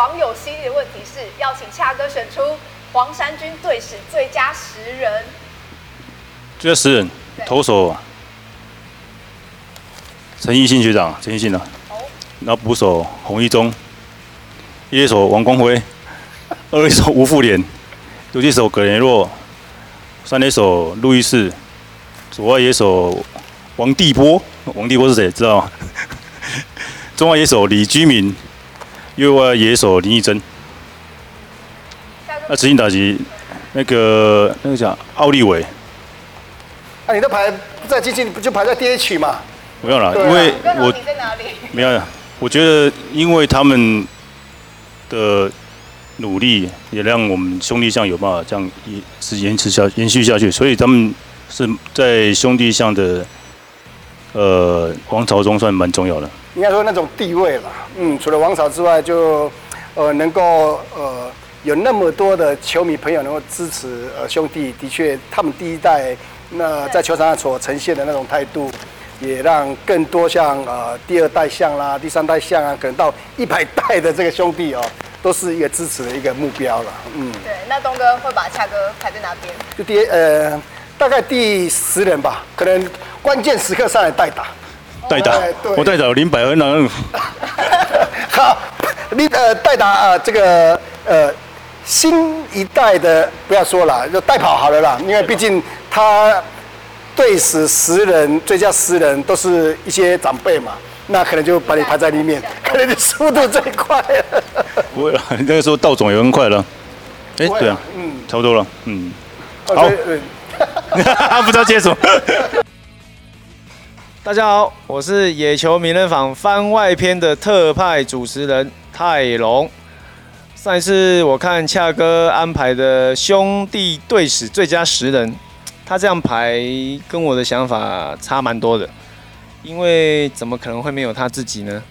網友犀利的問題是要請恰哥選出黃衫軍隊史最佳十人。最佳十人，投手陳義信，對陳學長，陳義信呢？好。Oh. 然後捕手洪一中，一壘手王光輝，二壘手吳復連，游擊手葛連若，三壘手路易斯，左外野手王地波，王地波是誰？知道嗎？ 中外野手李居明。Uy 野手林易增。那執行打擊那個那個叫奧利維。啊，你的牌不在接近，你不就排在 DH 嘛？沒有啦，因為我，在哪裡我沒有啦。我覺得，因為他們的努力，也讓我們兄弟象有辦法這樣一直延遲下延續下去，所以他們是在兄弟象的呃王朝中算蠻重要的，應該說那種地位了，嗯，除了王朝之外就，就呃能夠呃有那麼多的球迷朋友能夠支持呃兄弟，的確他們第一代那在球場上所呈現的那種態度，對也讓更多像呃第二代像啦、第三代像啊，可能到一百代的這個兄弟哦、喔，都是一個支持的一個目標了，嗯。對，那東哥會把恰哥排在哪邊？就第呃大概第十人吧，可能關鍵時刻上來代打。代打，哎、我代打林百恩啊！ 好，你呃代打啊、呃，這個呃新一代的不要說了，就代跑好了啦，因為畢竟他隊史十人最佳十人都是一些長輩嘛，那可能就把你排在裡面，可能你速度最快。不會了，那個時候道總也很快了。對啊，嗯，差不多了，嗯，oh, 好，不知道接什麼。 大家好，我是野球名人房番外篇的特派主持人泰龍。上一次我看恰哥安排的兄弟隊史最佳十人，他這樣排跟我的想法差蠻多的，因為怎麼可能會沒有他自己呢？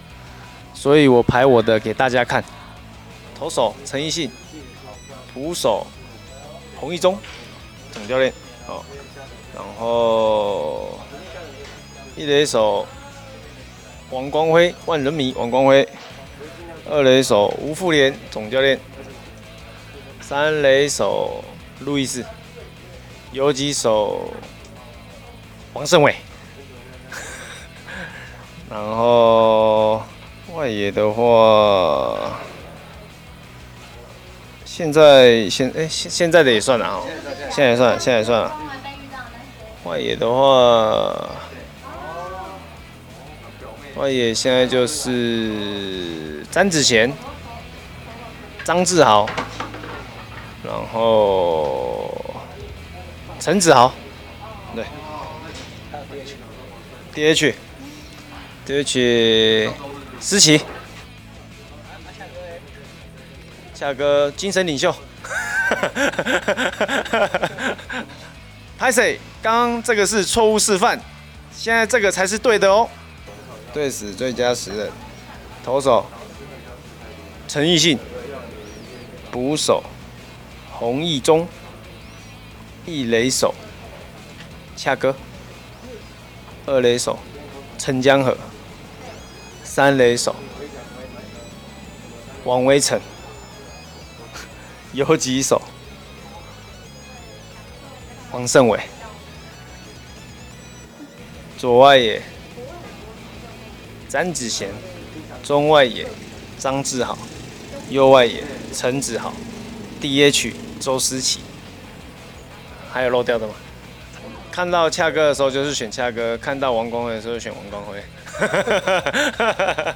所以我排我的給大家看。投手陳義信，捕手洪一中、總教練哦，然後。一壘手王光輝，萬人迷王光輝；二壘手吳復連，總教練；三壘手路易斯，游擊手王勝偉。 然後外野的話，現在現誒，現、欸、現在的也算了哦，現在也算了，現在算了。外野的話。外野現在就是詹子賢、張志豪，然後陳子豪，對有，D H DH, DH, D H 思齊，下個精神領袖，拍哈哈誰？剛剛這個是錯誤示範，現在這個才是對的哦。隊史最佳十人，投手陳義信，捕手洪一中，一壘手恰哥，二壘手陳江和，三壘手王威晨，游 擊手王勝偉，左外野。詹子賢，中外野，張志豪，右外野，陳子豪，D.H. 周思齊，還有漏掉的嗎？看到恰哥的時候就是選恰哥，看到王光輝的時候就選王光輝，哈哈哈哈哈！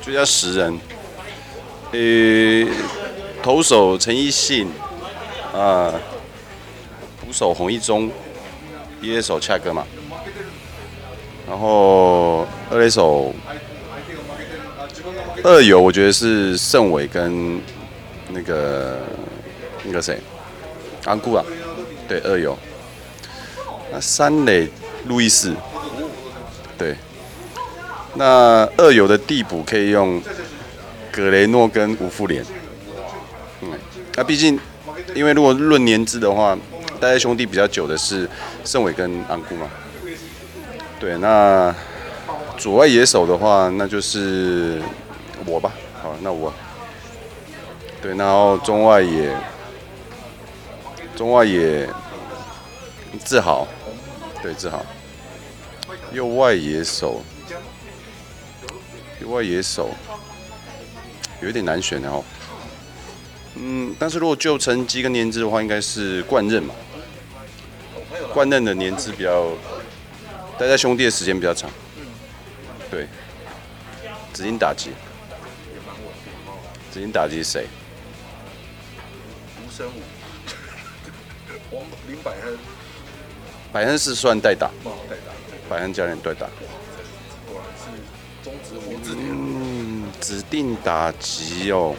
就叫十人，呃，投手陳義信，啊、呃，捕手洪一中，第一手恰哥嘛。然後二壘手二游，我覺得是勝偉跟那個那個誰安古啊，對，二游。那三壘路易斯，對。那二游的替補可以用格雷諾跟吳復連，嗯，那、啊、畢竟因為如果論年資的話，待在兄弟比較久的是勝偉跟安古嘛。對，那左外野手的話，那就是我吧。好，那我對，然後中外野，中外野志豪，對，志豪右外野手，右外野手有點難選哦。嗯，但是如果就成績跟年資的話，應該是冠任吧？冠任的年資比較。待在兄弟的時間比較長。嗯、對。指定打擊。指定打擊誰？吳生我王林百亨。百亨是算代打。不好代打,家人代打。百亨教練代打。嗯、是中指定打擊哦。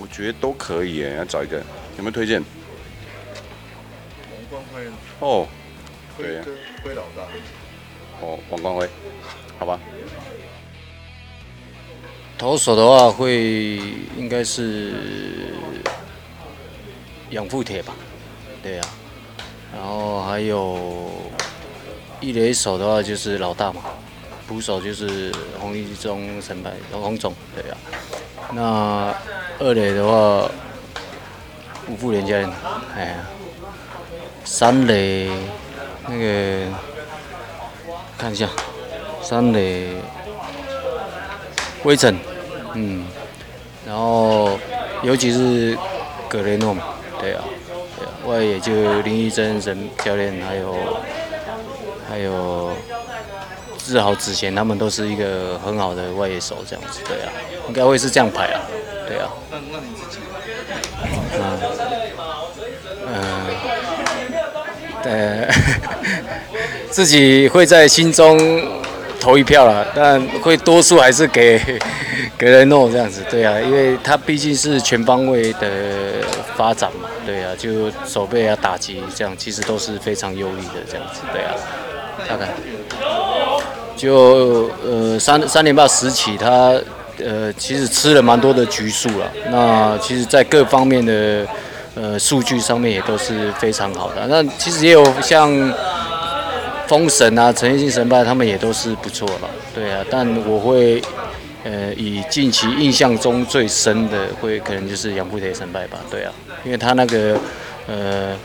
我覺得都可以，要找一個有沒有推薦？哦。對呀，會老大，哦，王光輝，好吧。投手的話會應該是養父鐵吧，對呀、啊。然後還有一壘手的話就是老大嘛，捕手就是洪一中神、陳柏、洪總，對呀、啊。那二壘的話吳復連、家人，哎呀、啊，三壘。那個看一下，三壘威晨，嗯，然後尤其是葛雷諾嘛，對啊，對啊，外野就林易增沈教練，還有還有志豪子賢，他們都是一個很好的外野手這樣子，對啊，應該會是這樣排啊，對啊，嗯。嗯嗯呃、對、啊。自己會在心中投一票啦，但會多數還是給呵呵給雷諾這樣子，對啊，因為他畢竟是全方位的發展嘛，對啊，就守備啊、打擊這樣，其實都是非常優異的這樣子，對啊，看看，就呃三三點半十起，3, 3時他呃其實吃了蠻多的局數了，那其實，在各方面的呃數據上面也都是非常好的，那其實也有像。封神啊，陳義信神敗，他們也都是不錯了，對啊。但我會，呃，以近期印象中最深的，會可能就是養父鐵神敗吧，對啊，因為他那個，呃，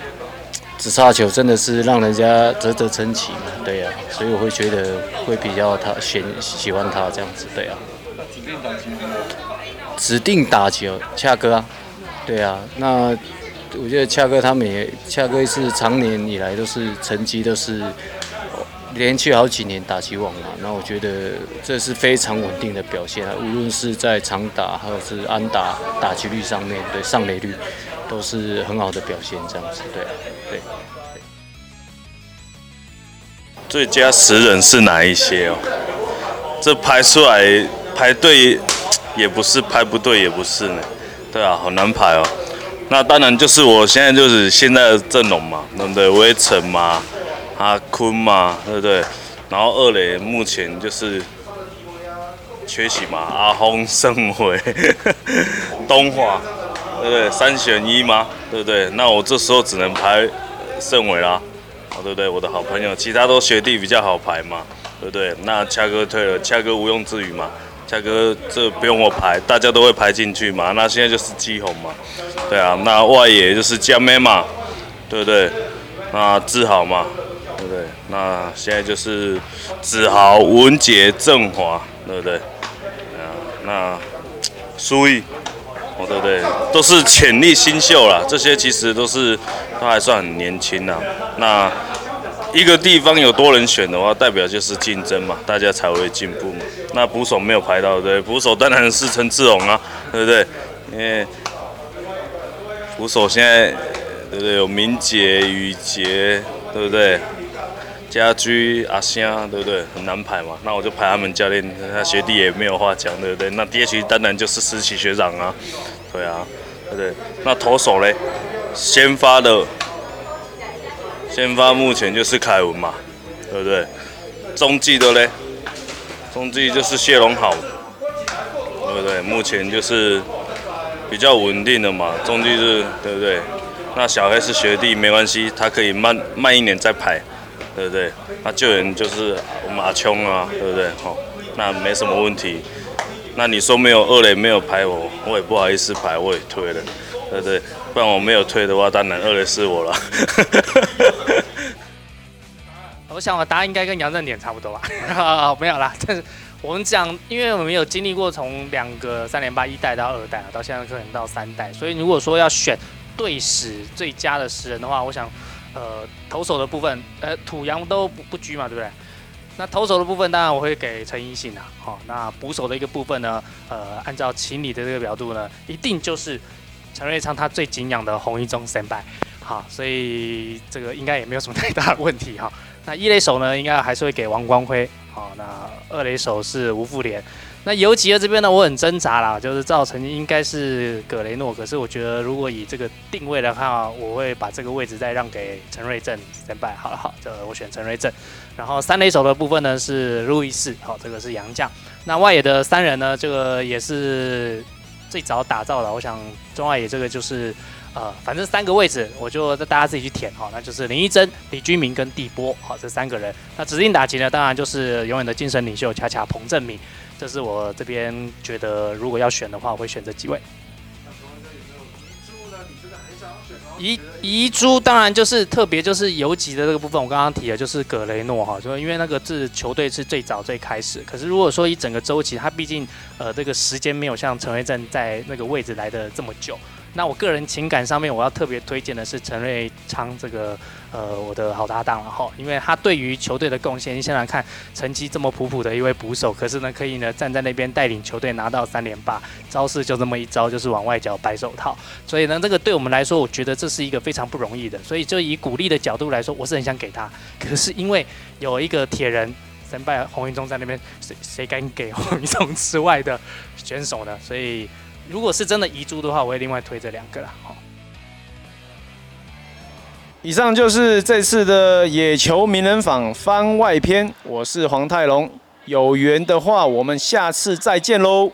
指叉球真的是讓人家嘖嘖稱奇嘛，對啊，所以我會覺得會比較他選喜歡他這樣子，對啊。指定打球，恰哥啊，對啊。那我覺得恰哥他們也，恰哥是常年以來都是成績都是。連續好幾年打擊王了，那我覺得這是非常穩定的表現啊。無論是在長打還是安打打擊率上面，對上壘率都是很好的表現。這樣子，對啊對。對最佳十人是哪一些哦？這排出來排對也不是，排不對也不是呢。對啊，好難排哦。那當然就是我現在就是現在的陣容嘛，對不對？威晨嘛。阿坤嘛，對不對？然後二壘目前就是缺席嘛，阿峰、勝偉、東華，對不對？三選一嘛，對不對？那我這時候只能排勝偉啦，對不對？我的好朋友，其他都學弟比較好排嘛，對不對？那恰哥退了，恰哥毋庸置疑嘛，恰哥這不用我排，大家都會排進去嘛。那現在就是基宏嘛，對啊，那外野就是江咩嘛，對不對？那志豪嘛。那、啊、現在就是子豪、文傑、政華，對不對？啊、嗯，那蘇毅意、哦，對不對？都是潛力新秀啦，這些其實都是都還算很年輕啦。那一個地方有多人選的話，代表就是競爭嘛，大家才會進步嘛。那捕手沒有排到，對不對？捕手當然是陳志龍啊，對不對？因為捕手現在，對不對？有明杰、宇杰，對不對？家居阿星啊，對不對？很難排嘛，那我就排他們教練。他學弟也沒有話講，對不對？那 DH 當然就是思齊學長啊，對啊，對不對？那投手嘞，先發的，先發目前就是凱文嘛，對不對？中繼的嘞，中繼就是謝榮豪，對不對？目前就是比較穩定的嘛，中繼是，對不對？那小黑是學弟，沒關係，他可以慢慢一年再排。對不對？那救援就是我們阿瓊啊，對不對？好、哦，那沒什麼問題。那你說沒有二壘沒有排我，我也不好意思排，我也推了，對不對？不然我沒有推的話，當然二壘是我了。 我想我答案應該跟彭政閔差不多吧。 沒有啦，但是我們講，因為我們有經歷過從兩個三連霸一代到二代到現在可能到三代，所以如果說要選隊史最佳的十人的話，我想。呃，投手的部分，呃，土洋都不不拘嘛，對不對？那投手的部分，當然我會給陳義信啦、啊。好、哦，那捕手的一個部分呢，呃，按照情理的這個角度呢，一定就是陳瑞昌他最敬仰的洪一中前輩，好，所以這個應該也沒有什麼太大的問題哈。 哦那一壘手呢，應該還是會給王光輝。好，那二壘手是吳復連。那游擊這邊呢，我很掙扎啦，就是造成應該是葛雷諾，可是我覺得如果以這個定位的話，我會把這個位置再讓給陳瑞振。三拜好了，好，這我選陳瑞振。然後三壘手的部分呢是路易士，好，這個是洋將。那外野的三人呢，這個也是最早打造的。我想中外野這個就是。呃，反正三個位置，我就大家自己去填哈，那就是林易增、李居明跟帝波哈，這三個人。那指定打擊呢，當然就是永遠的精神領袖恰恰彭政閔。這、就是我這邊覺得，如果要選的話，我會選擇幾位。那有沒有遺珠呢？你覺得還想選嗎？遺，遺珠當然就是特別就是游擊的這個部分，我剛剛提的就是葛雷諾哈，就因為那個是球隊是最早最開始。可是如果說一整個周期，他畢竟呃這個時間沒有像陳維正在那個位置來的這麼久。那我個人情感上面，我要特別推薦的是陳瑞昌這個，呃，我的好搭檔了哈，因為他對於球隊的貢獻，你想想看，成績這麼普普的一位捕手，可是呢，可以呢站在那邊帶領球隊拿到三連霸，招式就這麼一招，就是往外角擺手套，所以呢，這個對我們來說，我覺得這是一個非常不容易的，所以就以鼓勵的角度來說，我是很想給他，可是因為有一個鐵人神捕洪一中在那邊，誰誰敢給洪一中之外的選手呢？所以。如果是真的遺珠的話，我會另外推這兩個啦。哦。以上就是這次的野球名人房番外篇，我是黃泰龍，有緣的話我們下次再見嘍。